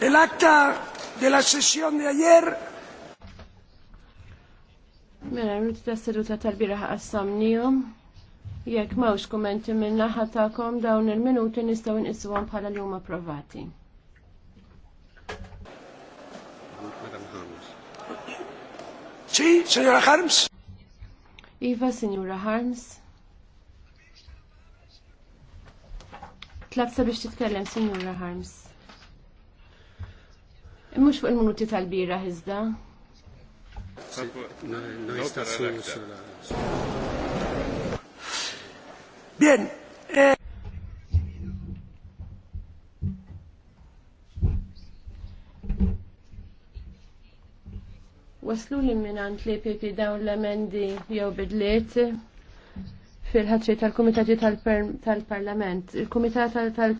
El acta de la sesión de ayer. Mela, rrit ta' seduta tal-biraħ għassamnijom. Jekk mawx kommenti minna naħa dawn il-minuti nistaw nqisuhom bħala li huma provati. Si, signora Harms? Iva, signora Harms. Tlabsa biex titkellem, signora Harms. Mux fuq il-minuti tal-bira iżda. Bien. Eh. Waslu li minant li pipi dawn l-emendi jew bidliet fil-ħatri tal-Komitati tal-Parlament. il komitati tal-Parlament